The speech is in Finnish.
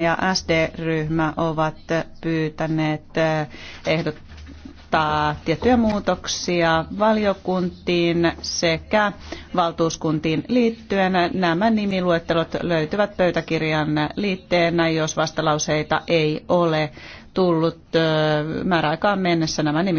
ja SD-ryhmä ovat pyytäneet eh, ehdottaa tiettyjä muutoksia valiokuntiin sekä valtuuskuntiin liittyen. Nämä nimiluettelot löytyvät pöytäkirjan liitteenä, jos vastalauseita ei ole tullut eh, määräaikaan mennessä. Nämä nimit